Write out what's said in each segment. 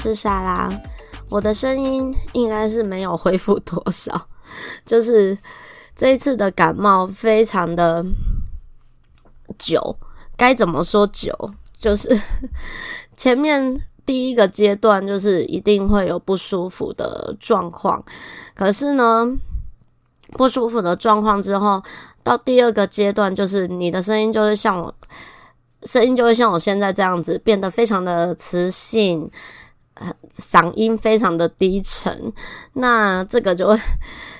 是沙拉，我的聲音應該是沒有恢復多少。就是這一次的感冒非常的久，該怎麼說久？就是前面第一個階段就是一定會有不舒服的狀況，可是呢，不舒服的狀況之後，到第二個階段就是你的聲音就會像我，聲音就會像我現在這樣子變得非常的磁性。嗓音非常的低沉，那這個就會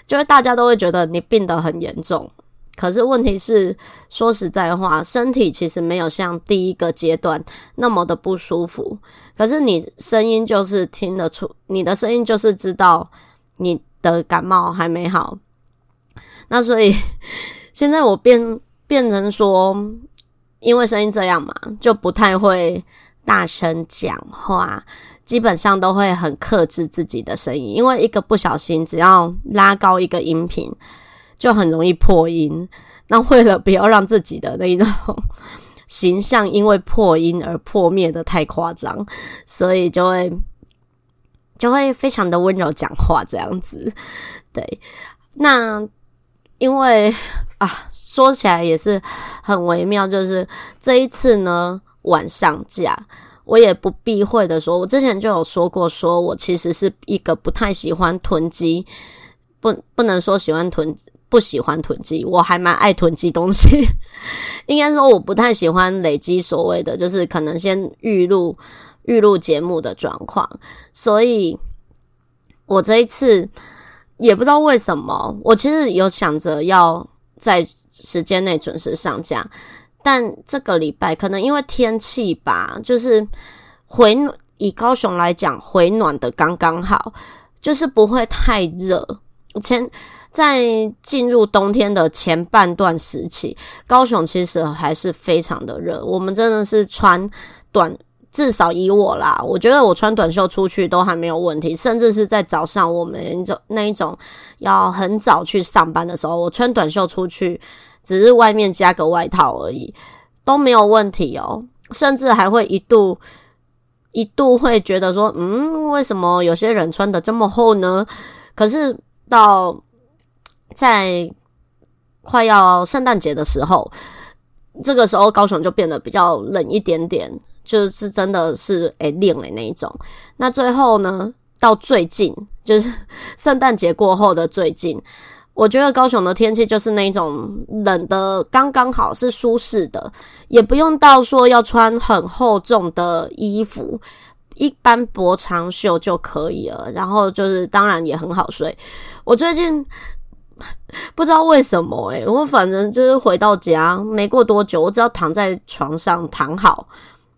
就會大家都會覺得你病得很嚴重。可是問題是，說實在話，身體其實沒有像第一個階段那麼的不舒服。可是你聲音就是聽得出，你的聲音就是知道你的感冒還沒好。那所以現在我變變成說，因為聲音這樣嘛，就不太會大聲講話。基本上都會很克制自己的聲音，因為一個不小心，只要拉高一個音頻，就很容易破音。那為了不要讓自己的那一種形象因為破音而破滅的太誇張，所以就會就會非常的溫柔講話這樣子。對，那因為啊，說起來也是很微妙，就是這一次呢，晚上架。我也不避諱的說，我之前就有說過說，說我其實是一個不太喜歡囤積，不不能說喜歡囤，不喜歡囤積，我還蠻愛囤積東西。 應該說我不太喜歡累積所謂的，就是可能先預錄預錄節目的狀況，所以，我這一次也不知道為什麼，我其實有想着要在時間內準時上架。但這個禮拜可能因為天氣吧，就是回以高雄來講，回暖的剛剛好，就是不會太熱。前在進入冬天的前半段時期，高雄其實還是非常的熱。我們真的是穿短，至少以我啦，我覺得我穿短袖出去都還沒有問題。甚至是在早上，我們那一種要很早去上班的時候，我穿短袖出去，只是外面加個外套而已，都沒有問題哦、喔。甚至還會一度一度會覺得說，嗯，為什麼有些人穿得這麼厚呢？可是到在快要聖誕節的時候，這個時候高雄就變得比較冷一點點，就是真的是誒冷的那一種。那最後呢，到最近就是聖誕節過後的最近。我覺得高雄的天氣就是那種冷得剛剛好，是舒適的，也不用到說要穿很厚重的衣服，一般薄長袖就可以了。然後就是當然也很好睡。我最近不知道為什麼哎、欸，我反正就是回到家沒過多久，我只要躺在床上躺好，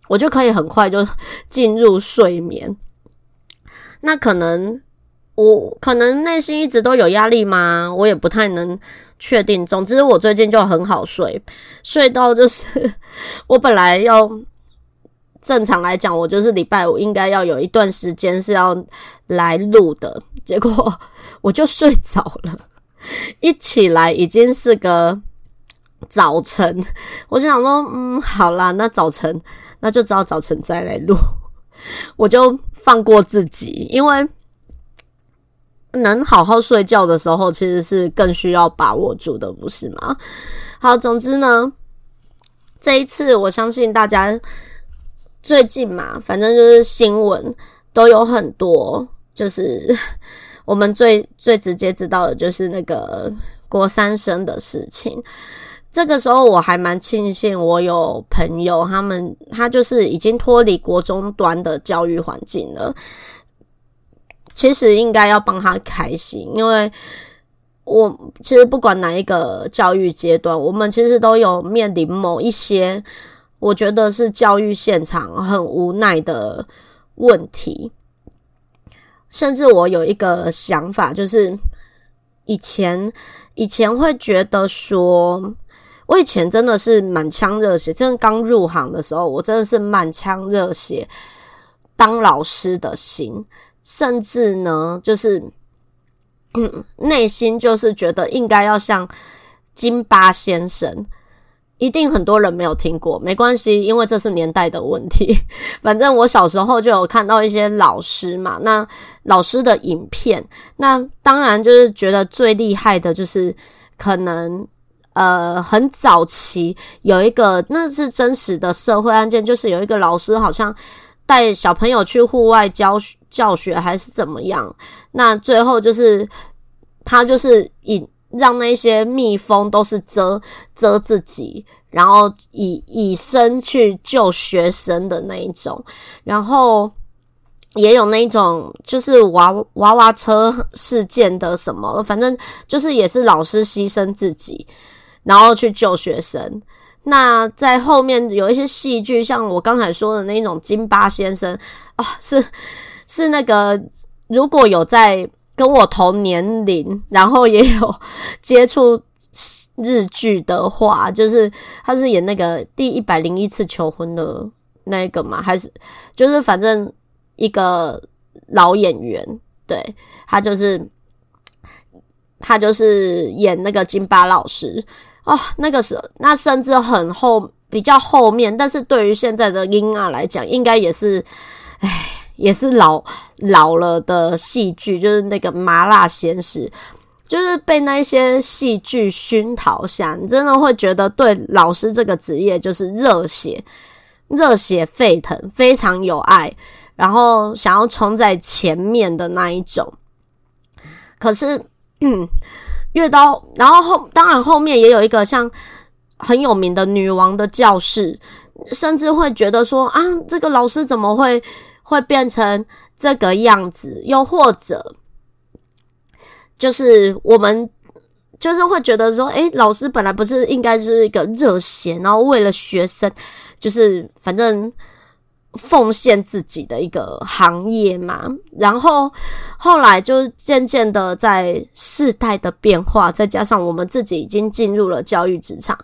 我就可以很快就進入睡眠。那可能。我可能內心一直都有壓力嗎？我也不太能確定。總之我最近就很好睡，睡到就是我本來要正常來講，我就是禮拜五應該要有一段時間是要來錄的，結果我就睡着了。一起來已經是個早晨，我就想說，嗯，好啦，那早晨那就只好早晨再來錄，我就放過自己，因為。能好好睡覺的時候，其實是更需要把握住的，不是嗎？好，總之呢，這一次我相信大家最近嘛，反正就是新聞都有很多，就是我們最最直接知道的就是那個國三生的事情。這個時候我還蠻慶幸我有朋友，他們他就是已經脫離國中端的教育環境了。其實應該要幫他開心，因為我其實不管哪一個教育階段，我們其實都有面臨某一些我覺得是教育現場很無奈的問題。甚至我有一個想法，就是以前以前會覺得說，我以前真的是滿腔熱血，真的剛入行的時候，我真的是滿腔熱血，當老師的心。甚至呢，就是嗯內心就是覺得應該要像金八先生，一定很多人沒有聽過，沒關係，因為這是年代的問題。反正我小時候就有看到一些老師嘛，那老師的影片，那當然就是覺得最厲害的就是可能呃，很早期有一個那是真實的社會案件，就是有一個老師好像。帶小朋友去戶外教教學還是怎麼樣？那最後就是他就是以讓那些蜜蜂都是遮遮自己，然後以以身去救學生的那一種。然後也有那一種就是娃娃娃車事件的什麼，反正就是也是老師犧牲自己，然後去救學生。那在後面有一些戲劇，像我剛才說的那種《金八先生》啊、哦，是是那個如果有在跟我同年齡，然後也有接觸日劇的話，就是他是演那個第一百零一次求婚的那個嘛，還是就是反正一個老演員，對，他就是他就是演那個金八老師。哦，那個時候，那甚至很後，比較後面，但是對於現在的英啊來講，應該也是，哎，也是老老了的戲劇，就是那個麻辣鮮師，就是被那些戲劇熏陶下，你真的會覺得對老師這個職業就是熱血，熱血沸騰，非常有愛，然後想要衝在前面的那一種。可是，嗯。月刀，然後後，當然後面也有一個像很有名的女王的教室，甚至會覺得說，啊，這個老師怎麼會會變成這個樣子？又或者，就是我們就是會覺得說，誒，老師本來不是應該是一個熱血，然後為了學生，就是反正。奉獻自己的一個行業嘛，然後後來就漸漸的在世代的變化，再加上我們自己已經進入了教育職場。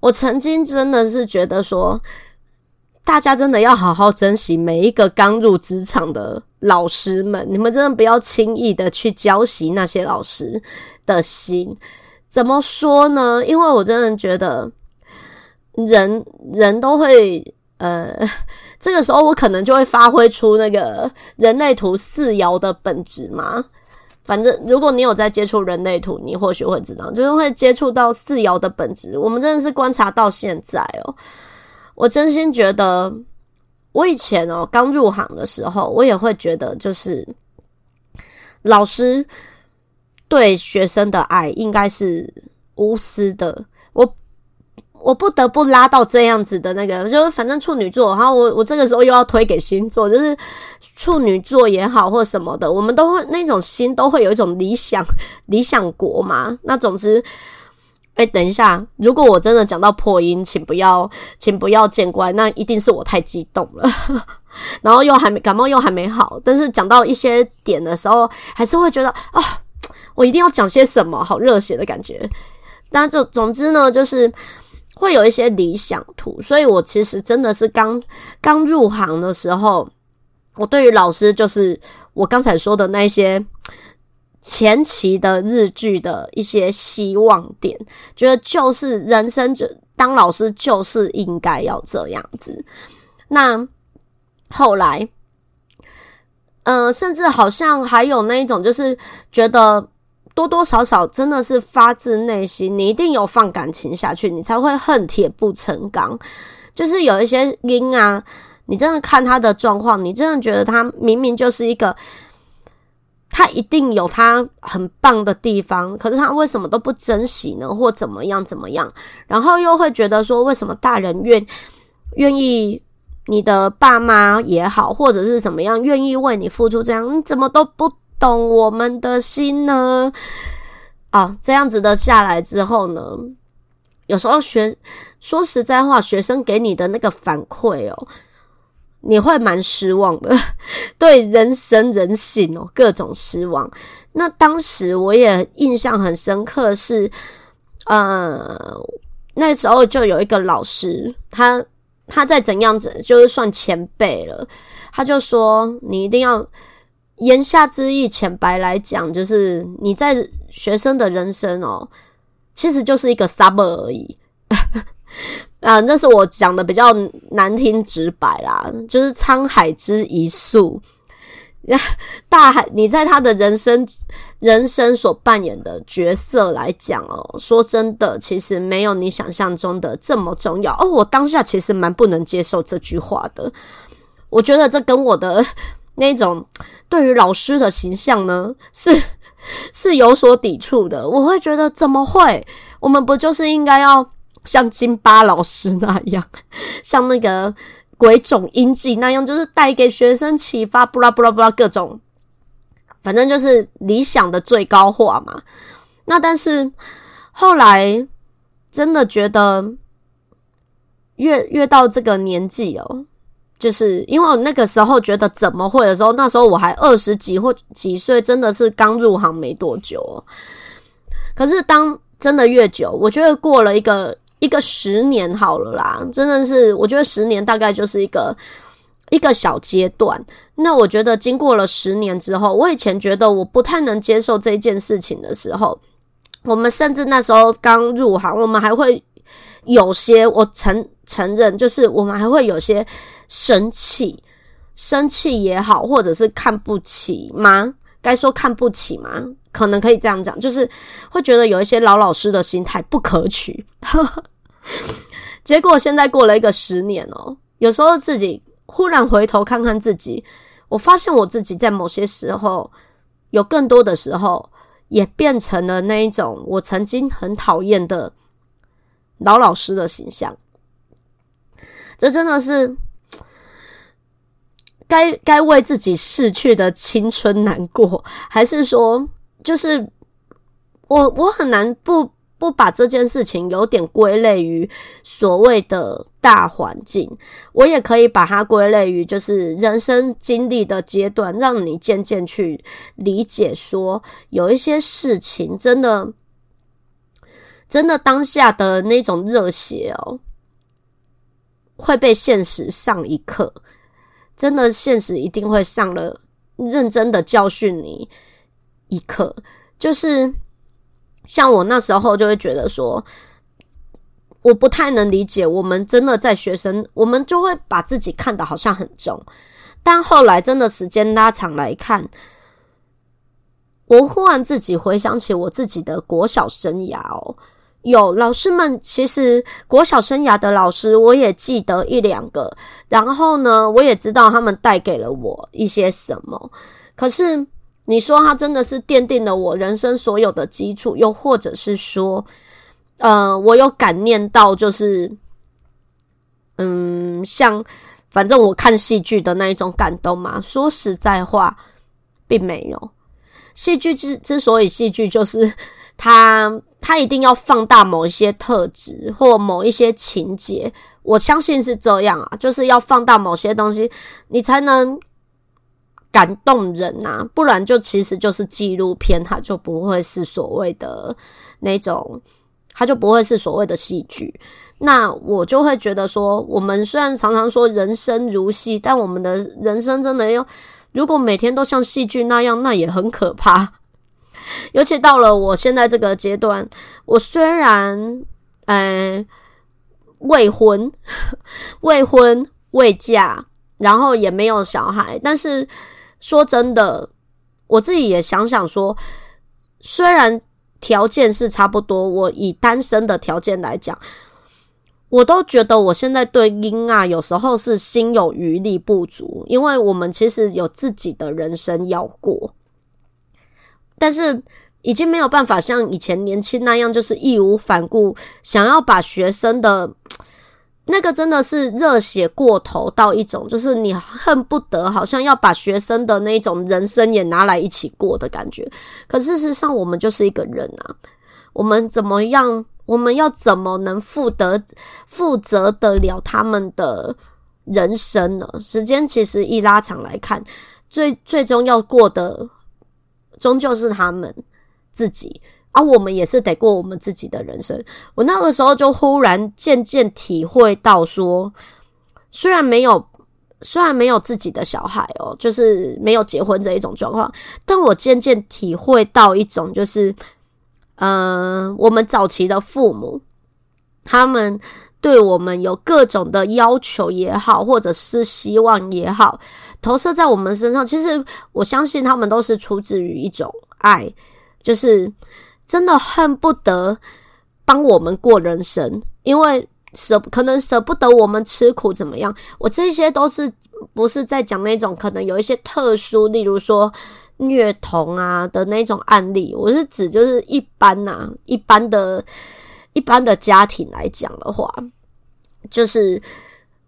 我曾經真的是覺得說，大家真的要好好珍惜每一個剛入職場的老師們，你們真的不要輕易的去澆熄那些老師的心。怎麼說呢？因為我真的覺得人，人人都會。呃，這個時候我可能就會發揮出那個人類圖四爻的本質嘛。反正如果你有在接觸人類圖，你或許會知道，就是會接觸到四爻的本質。我們真的是觀察到現在哦，我真心覺得，我以前哦剛入行的時候，我也會覺得，就是老師對學生的愛應該是無私的。我不得不拉到這樣子的那個，就是、反正處女座，然後我我這個時候又要推給星座，就是處女座也好，或什麼的，我們都會那種心都會有一種理想理想國嘛。那總之，哎、欸，等一下，如果我真的講到破音，請不要請不要見怪，那一定是我太激動了， 然後又還沒感冒又還沒好，但是講到一些點的時候，還是會覺得啊、哦，我一定要講些什麼，好熱血的感覺。但就總之呢，就是。會有一些理想圖，所以我其實真的是剛剛入行的時候，我對於老師就是我剛才說的那些前期的日劇的一些希望點，覺得就是人生就當老師就是應該要這樣子。那後來，嗯、呃，甚至好像還有那一種就是覺得。多多少少真的是發自內心，你一定有放感情下去，你才會恨鐵不成鋼。就是有一些音啊，你真的看他的狀況，你真的覺得他明明就是一個，他一定有他很棒的地方，可是他為什麼都不珍惜呢？或怎麼樣怎麼樣？然後又會覺得說，為什麼大人願願意你的爸媽也好，或者是怎麼樣，願意為你付出這樣，你怎麼都不，懂我們的心呢？啊、哦，這樣子的下來之後呢，有時候學說實在話，學生給你的那個反饋哦、喔，你會蠻失望的。對人生人性哦、喔，各種失望。那當時我也印象很深刻的是，是呃，那時候就有一個老師，他他再怎樣子就是算前輩了，他就說你一定要。言下之意，淺白來講，就是你在學生的人生喔，其實就是一個 sub 而已。 啊，那是我講的比較難聽直白啦，就是滄海之一粟。大海，你在他的人生人生所扮演的角色來講喔，說真的，其實沒有你想象中的這麼重要。哦，我當下其實蠻不能接受這句話的。我覺得這跟我的。那種對於老師的形象呢，是是有所抵觸的。我會覺得怎麼會？我們不就是應該要像金八老師那樣，像那個鬼塚英吉那樣，就是帶給學生啟發，不啦不啦不啦，各種，反正就是理想的最高化嘛。那但是後來真的覺得，越越到這個年紀哦、喔。就是因為我那個時候覺得怎麼會的時候，那時候我還二十幾或幾歲，真的是剛入行沒多久喔。可是當真的越久，我覺得過了一個一個十年好了啦，真的是我覺得十年大概就是一個一個小階段。那我覺得經過了十年之後，我以前覺得我不太能接受這件事情的時候，我們甚至那時候剛入行，我們還會有些我曾。承認就是我們還會有些生氣。生氣也好，或者是看不起嗎？該說看不起嗎？可能可以這樣講，就是會覺得有一些老老師的心態不可取。 結果現在過了一個十年哦、喔，有時候自己忽然回頭看看自己，我發現我自己在某些時候，有更多的時候也變成了那一種我曾經很討厭的老老師的形象。這真的是該該為自己逝去的青春難過，還是說，就是我我很難不不把這件事情有點歸類於所謂的大環境，我也可以把它歸類於就是人生經歷的階段，讓你漸漸去理解說，有一些事情真的真的當下的那種熱血哦。會被現實上一課，真的，現實一定會上了認真的教訓你一課。就是像我那時候就會覺得說，我不太能理解，我們真的在學生，我們就會把自己看得好像很重。但後來真的時間拉長來看，我忽然自己回想起我自己的國小生涯哦。有老師們，其實國小生涯的老師，我也記得一兩個。然後呢，我也知道他們帶給了我一些什麼。可是你說他真的是奠定了我人生所有的基礎，又或者是說，呃，我有感念到，就是，嗯，像反正我看戲劇的那一種感動嘛。說實在話，並沒有。戲劇之之所以戲劇，就是他。他一定要放大某一些特質或某一些情節，我相信是這樣啊，就是要放大某些東西，你才能感動人吶啊，不然就其實就是紀錄片，它就不會是所謂的那種，它就不會是所謂的戲劇。那我就會覺得說，我們雖然常常說人生如戲，但我們的人生真的要，如果每天都像戲劇那樣，那也很可怕。尤其到了我現在這個階段，我雖然呃、欸、未婚、未婚、未嫁，然後也沒有小孩，但是說真的，我自己也想想說，雖然條件是差不多，我以單身的條件來講，我都覺得我現在對嬰兒啊，有時候是心有餘力不足，因為我們其實有自己的人生要過。但是已經沒有辦法像以前年輕那樣，就是義無反顧，想要把學生的那個真的是熱血過頭到一種，就是你恨不得好像要把學生的那一種人生也拿來一起過的感覺。可事實上，我們就是一個人啊，我們怎麼樣，我們要怎麼能負得負責得了他們的人生呢？時間其實一拉長來看，最最終要過的。終究是他們自己啊，我們也是得過我們自己的人生。我那個時候就忽然漸漸體會到說，說雖然沒有，雖然沒有自己的小孩哦，就是沒有結婚這一種狀況，但我漸漸體會到一種，就是呃，我們早期的父母他們對我們有各種的要求也好，或者是希望也好。投射在我們身上，其實我相信他們都是出自於一種愛，就是真的恨不得幫我們過人生，因為捨可能捨不得我們吃苦怎麼樣。我這些都是不是在講那種可能有一些特殊，例如說虐童啊的那種案例。我是指就是一般吶、啊，一般的，一般的家庭來講的話，就是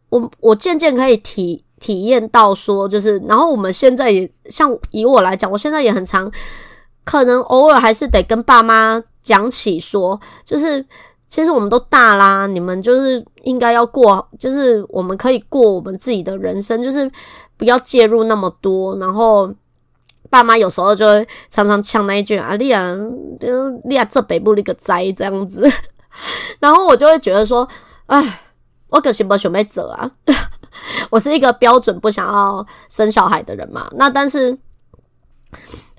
我我漸漸可以提。體驗到說，就是，然後我們現在也像以我來講，我現在也很常，可能偶爾還是得跟爸媽講起說，說就是，其實我們都大啦，你們就是應該要過，就是我們可以過我們自己的人生，就是不要介入那麼多。然後爸媽有時候就會常常嗆那一句啊，利亞、啊，利亞這北部那個災這樣子，然後我就會覺得說，哎，我可是不？準沒走啊。我是一個標準不想要生小孩的人嘛，那但是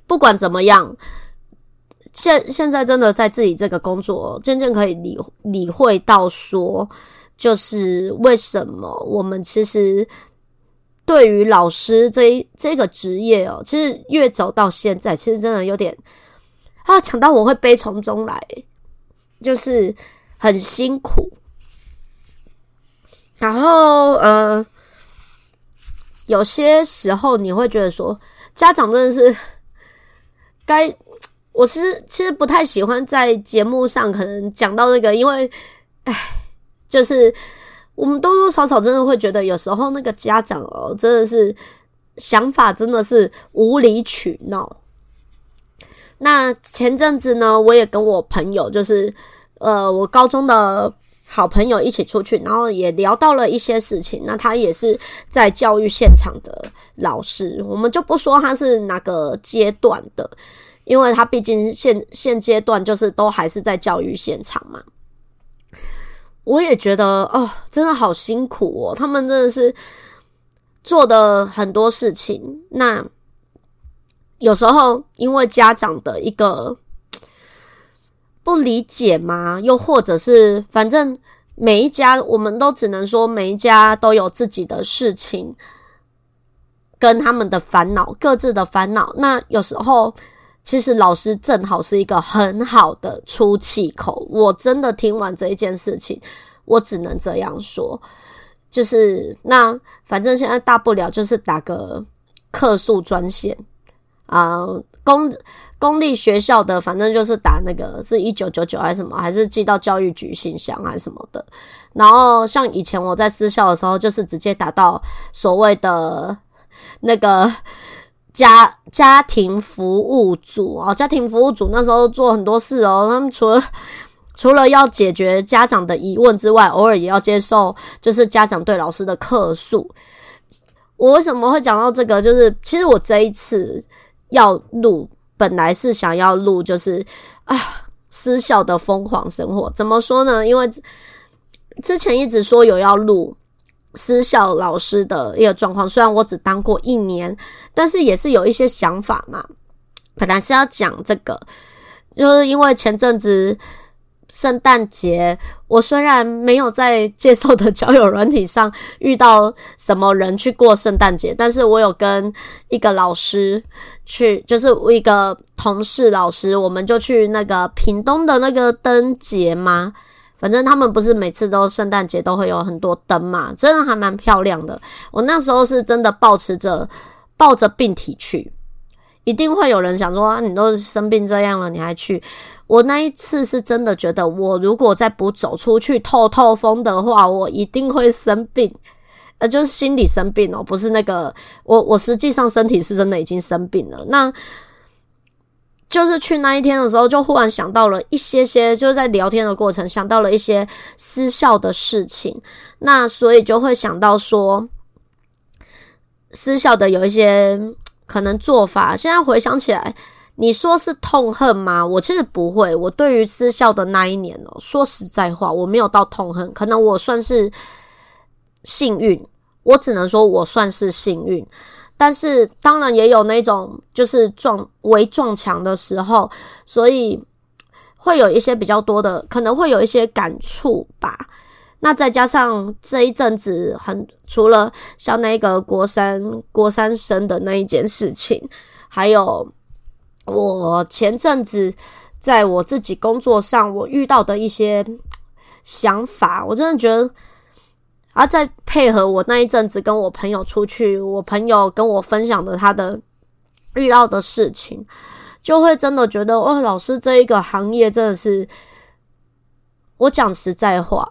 不管怎麼樣，現現在真的在自己這個工作，真正可以理理會到說，就是為什麼我們其實對於老師這一這個職業哦，其實越走到現在，其實真的有點啊，講到我會悲從中來，就是很辛苦。然後，呃，有些時候你會覺得說，家長真的是該，我其實其實不太喜歡在節目上可能講到那個，因為，唉，就是我們多多少少真的會覺得，有時候那個家長哦，真的是想法真的是無理取鬧。那前陣子呢，我也跟我朋友，就是呃，我高中的。好朋友一起出去，然後也聊到了一些事情。那他也是在教育現場的老師，我們就不說他是哪個階段的，因為他畢竟現現階段就是都還是在教育現場嘛。我也覺得哦，真的好辛苦哦，他們真的是做的很多事情。那有時候因為家長的一個。不理解嗎？又或者是，反正每一家我們都只能說，每一家都有自己的事情，跟他們的煩惱，各自的煩惱。那有時候，其實老師正好是一個很好的出氣口。我真的聽完這一件事情，我只能這樣說，就是那反正現在大不了就是打個客訴專線啊，公、呃。工公立學校的反正就是打那個，是一九九九還是什麼，還是寄到教育局信箱還是什麼的。然後像以前我在私校的時候，就是直接打到所謂的那個家家庭服務組啊、哦，家庭服務組那時候做很多事哦。他們除了除了要解決家長的疑問之外，偶爾也要接受就是家長對老師的客訴。我為什麼會講到這個？就是其實我這一次要錄。本來是想要錄，就是啊，私校的瘋狂生活。怎麼說呢？因為之前一直說有要錄私校老師的一個狀況，雖然我只當過一年，但是也是有一些想法嘛。本來是要講這個，就是因為前陣子。聖誕節，我雖然沒有在介紹的交友軟體上遇到什麼人去過聖誕節，但是我有跟一個老師去，就是一個同事老師，我們就去那個屏東的那個燈節嘛。反正他們不是每次都聖誕節都會有很多燈嘛，真的還蠻漂亮的。我那時候是真的抱持着，抱着病體去。一定會有人想說，啊，你都生病這樣了，你還去？我那一次是真的覺得，我如果再不走出去透透風的話，我一定會生病，呃，就是心理生病哦、喔，不是那個，我我實際上身體是真的已經生病了。那就是去那一天的時候，就忽然想到了一些些，就是在聊天的過程想到了一些私校的事情，那所以就會想到說私校的有一些。可能做法，現在回想起來，你說是痛恨嗎？我其實不會。我對於私校的那一年哦，說實在話，我沒有到痛恨。可能我算是幸運，我只能說我算是幸運。但是當然也有那種就是撞微撞牆的時候，所以會有一些比較多的，可能會有一些感觸吧。那再加上這一陣子很、很除了像那個國三國三生，的那一件事情，還有我前陣子在我自己工作上我遇到的一些想法，我真的覺得，啊，再配合我那一陣子跟我朋友出去，我朋友跟我分享的他的遇到的事情，就會真的覺得哦，老師這一個行業真的是，我講實在話。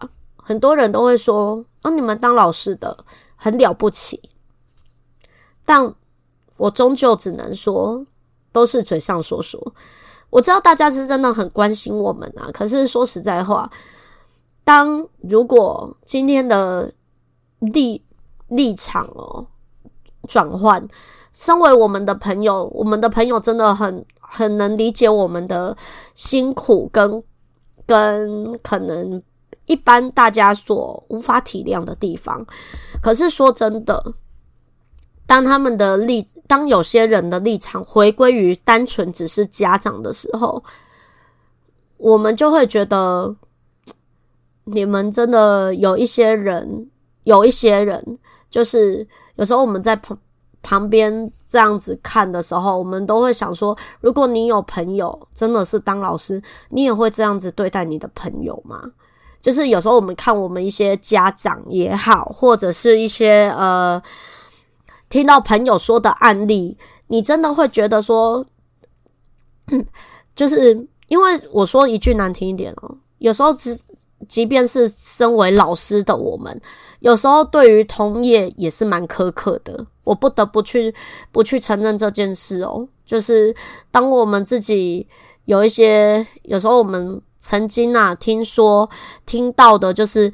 很多人都會說：“啊、哦、你們當老師的很了不起。”但，我終究只能說，都是嘴上說說。我知道大家是真的很關心我們啊。可是說實在話，當如果今天的立立場哦轉換，身為我們的朋友，我們的朋友真的很很能理解我們的辛苦跟跟可能。一般大家所無法體諒的地方，可是說真的，當他們的立，當有些人的立場回歸於單純只是家長的時候，我們就會覺得，你們真的有一些人，有一些人，就是有時候我們在旁旁邊這樣子看的時候，我們都會想說，如果你有朋友真的是當老師，你也會這樣子對待你的朋友嗎？就是有時候我們看我們一些家長也好，或者是一些呃，聽到朋友說的案例，你真的會覺得說，就是因為我說一句難聽一點哦，有時候只，即便是身為老師的我們，有時候對於同業也是蠻苛刻的，我不得不去不去承認這件事哦。就是當我們自己有一些，有時候我們。曾經啊，聽說聽到的就是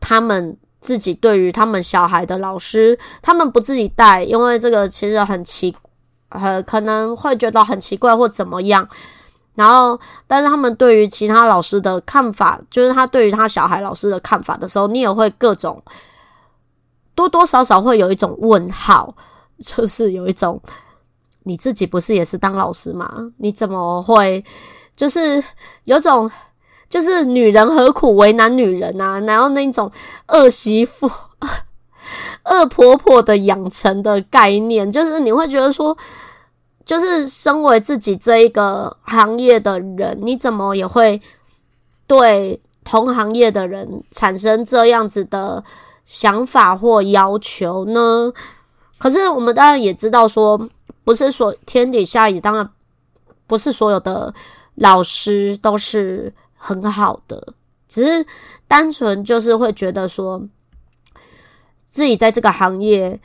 他們自己對於他們小孩的老師，他們不自己帶，因為這個其實很奇，很、呃、可能會覺得很奇怪或怎麼樣。然後，但是他們對於其他老師的看法，就是他對於他小孩老師的看法的時候，你也會各種多多少少會有一種問號，就是有一種你自己不是也是當老師嗎？你怎麼會？就是有種，就是女人何苦為難女人啊？然後那種惡媳婦、惡婆婆的養成的概念，就是你會覺得說，就是身為自己這一個行業的人，你怎麼也會對同行業的人產生這樣子的想法或要求呢？可是我們當然也知道說，說不是說天底下也當然不是所有的。老師都是很好的，只是單純就是會覺得說自己在這個行業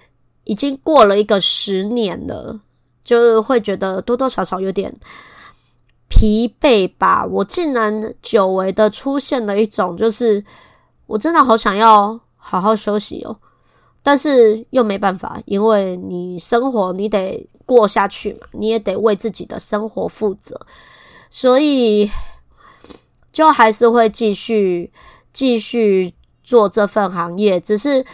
已經過了一個十年了，就會覺得多多少少有點疲憊吧。我竟然久違的出現了一種，就是我真的好想要好好休息哦、喔，但是又沒辦法，因為你生活你得過下去嘛，你也得為自己的生活負責。所以，就還是會繼續繼續做這份行業，只是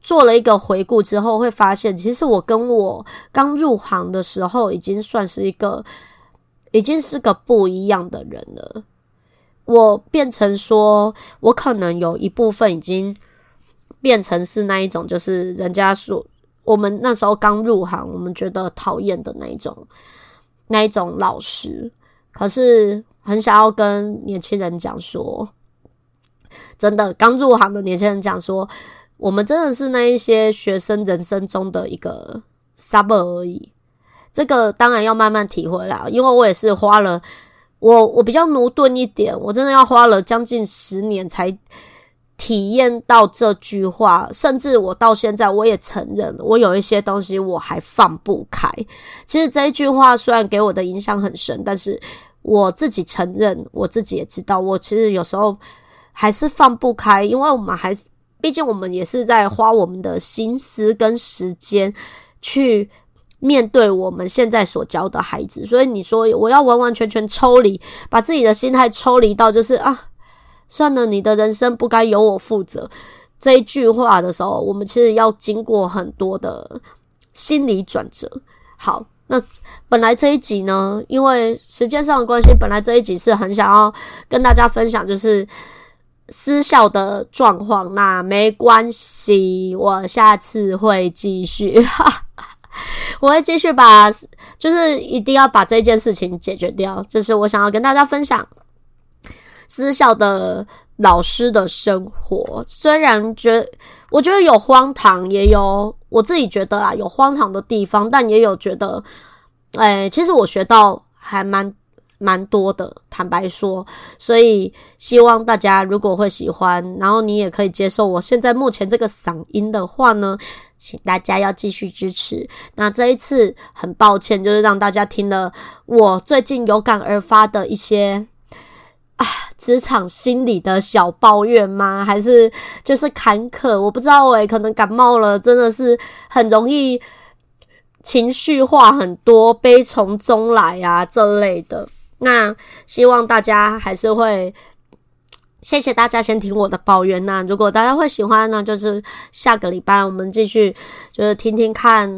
做了一個回顧之後，會發現，其實我跟我剛入行的時候，已經算是一個，已經是個不一樣的人了。我變成說，我可能有一部分已經變成是那一種，就是人家說我們那時候剛入行，我們覺得討厭的那一種。那一種老師，可是很想要跟年輕人講說，真的剛入行的年輕人講說，我們真的是那一些學生人生中的一個 sub 而已。這個當然要慢慢體會啦，因為我也是花了，我我比較駑鈍一點，我真的要花了將近十年才。體驗到這句話，甚至我到現在我也承認，我有一些東西我還放不開。其實這一句話雖然給我的影響很深，但是我自己承認，我自己也知道，我其實有時候還是放不開，因為我們還是，畢竟我們也是在花我們的心思跟時間去面對我們現在所教的孩子，所以你說我要完完全全抽離，把自己的心態抽離到就是啊。算了，你的人生不該由我負責。這一句話的時候，我們其實要經過很多的心理轉折。好，那本來這一集呢，因為時間上的關係，本來這一集是很想要跟大家分享，就是私校的狀況。那沒關係，我下次會繼續， 我會繼續把，就是一定要把這件事情解決掉。就是我想要跟大家分享。私校的老師的生活，雖然覺我覺得有荒唐，也有我自己覺得啊有荒唐的地方，但也有覺得，誒，欸，其實我學到還蠻蠻多的，坦白說。所以希望大家如果會喜歡，然後你也可以接受我現在目前這個嗓音的話呢，請大家要繼續支持。那這一次很抱歉，就是讓大家聽了我最近有感而發的一些。啊，職場心理的小抱怨嗎？還是就是坎坷？我不知道誒、欸、可能感冒了，真的是很容易情緒化很多，悲從中來啊。這類的。那希望大家還是會謝謝大家先聽我的抱怨，啊。那如果大家會喜歡呢？就是下個禮拜我們繼續就是聽聽看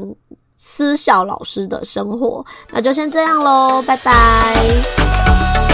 思笑老師的生活。那就先這樣嘍，拜拜。